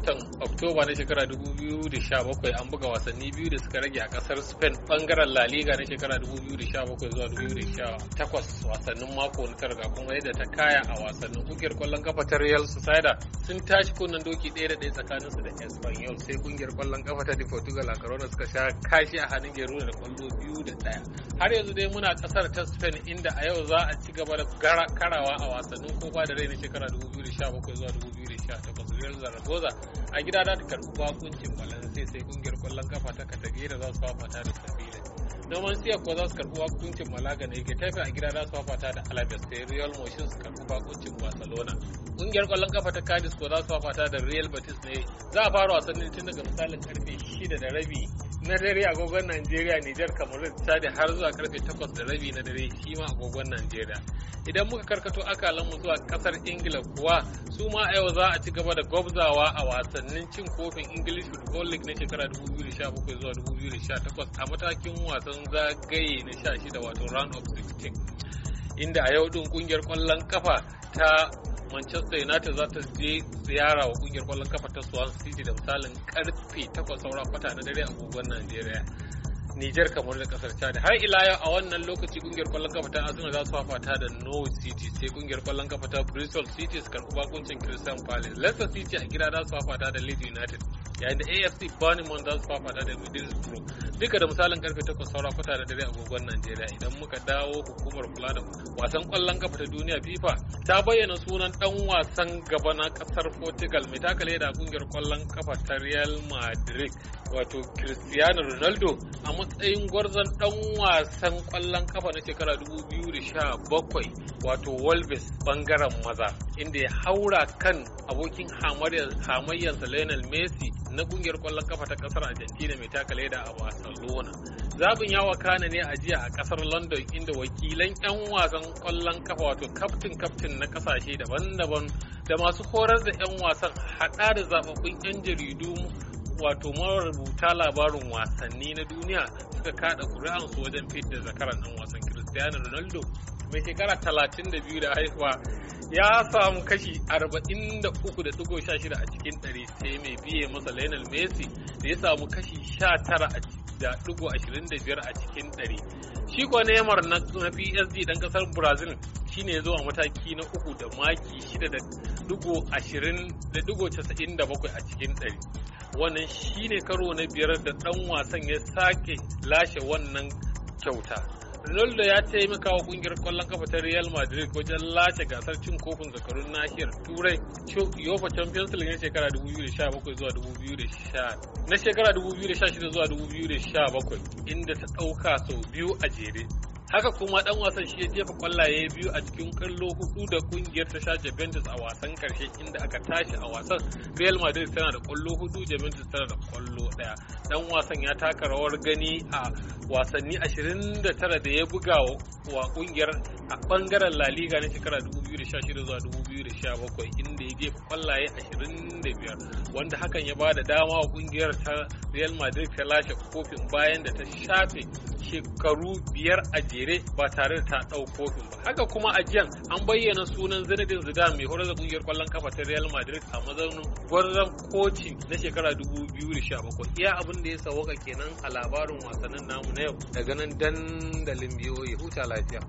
watan oktoba na shekara 2017 an buga wasanni biyu da suka rage a kasar spain bangaren la liga na shekara 2017 zuwa 2018 wasannin mako na targa kuma yadda ta kaya a wasannin kungiyar kwallon kafa ta real sociedad sun tashi kunnen doki ɗaya da ɗaya tsakanin su da espanyol sai kungiyar kwallon kafa ta portugal a corona suka sha kashi a hannun gero da kwallo biyu da ɗaya har yanzu dai muna kasar ta spain inda a yau za a ci gaba da karawa a wasannin kofa da rai na shekara 2017 zuwa 2018 18 biyar zaragoza a gida da karɓi bakuncin valencia sai kungiyar kwallon kafa ta da za su fafata da sabila noman siya kuwa za su karɓi bakuncin malaga ne ke tafi a gida za su fafata da alaves sai real motion su karɓi bakuncin barcelona kungiyar kwallon kafa ta cadiz kuwa za su fafata da real batis ne za a fara wasannin tun daga misalin karfe 6 da rabi na dare agogon Najeriya Nijar Kamaru ta da har zuwa karfe 8 da rabi na dare shima ma agogon Najeriya. Idan muka karkato akalanmu zuwa kasar Ingila kuwa su ma a yau za a ci gaba da gwabzawa a wasannin cin kofin English Football League na shekara 2017 zuwa 2018 a matakin wasan zagaye na 16 wato round of 16. Inda a yau din kungiyar kwallon kafa ta manchester united za ta je ziyara wa kungiyar kwallon kafa ta swan city da misalin karfe 8 saura kwata na dare a agogon najeriya niger kamar da kasar chad har ila yau a wannan lokaci kungiyar kwallon kafa ta arsenal za su fafata da norwich city sai kungiyar kwallon kafa ta bristol city su karɓi bakuncin Crystal palace leicester city a gida za su fafata da leeds united yayin da afc birmingham za su fafata da middlesbrough duka da misalin karfe 8 saura kwata da dare agogon Najeriya idan muka dawo hukumar kula da wasan kwallon kafa ta duniya FIFA ta bayyana sunan dan wasan gaba na kasar Portugal mai takale da kungiyar kwallon kafa ta Real Madrid wato Cristiano Ronaldo a matsayin gwarzon dan wasan kwallon kafa na shekara 2017 wato Wolves bangaren maza inda ya haura kan abokin hamayyarsa Lionel Messi na kungiyar kwallon kafa ta kasar Argentina mai taka leda a Barcelona. Zabin ya wakana ne a jiya a kasar London inda wakilan 'yan wasan kwallon kafa wato kaftin kaftin na kasashe daban-daban da masu horar da 'yan wasan hada da zababbun 'yan jaridu wato marubuta labarin wasanni na duniya suka kaɗa kuri'ansu wajen fitar zakaran ɗan wasan Cristiano Ronaldo mai shekara 32 da haihuwa ya samu kashi 43.16 a cikin 100 sai mai biye masa Lionel Messi da ya samu kashi 19.25 a cikin 100 shi kuwa Neymar na PSG dan kasar Brazil shine ya zo a mataki na uku da maki 6.97 a cikin 100 wannan shine karo na biyar da dan wasan ya sake lashe wannan kyauta Ronaldo ya taimaka wa kungiyar kwallon kafa ta Real Madrid wajen lace gasar cin kofin zakarun nahiyar Turai Yofa Champions League na shekara 2017 zuwa 2016 na shekara 2016 zuwa 2017 inda ta ɗauka sau biyu a jere. Haka kuma dan wasan shi ya jefa kwallaye biyu a cikin kallo hudu da kungiyar ta sha Juventus a wasan karshe inda aka tashi a wasan Real Madrid tana da kwallo hudu Juventus tana da kwallo daya. Dan wasan ya taka rawar gani a wasanni 29 da ya buga wa kungiyar a bangaren La Liga na shekara 2016 zuwa 2017 inda ya jefa kwallaye 25 wanda hakan ya bada dama wa kungiyar ta Real Madrid ta lashe kofin bayan da ta shafe shekaru biyar a jere ba tare da ta ɗau kofin ba haka kuma a jiyan an bayyana sunan zinedine zidane mai horar da kungiyar kwallon kafa ta real madrid a mazaunin gwarzon kocin na shekara 2017 iya abin da ya sawaka kenan a labarin wasannin namu na yau daga nan dandalin biyo ya huta lafiya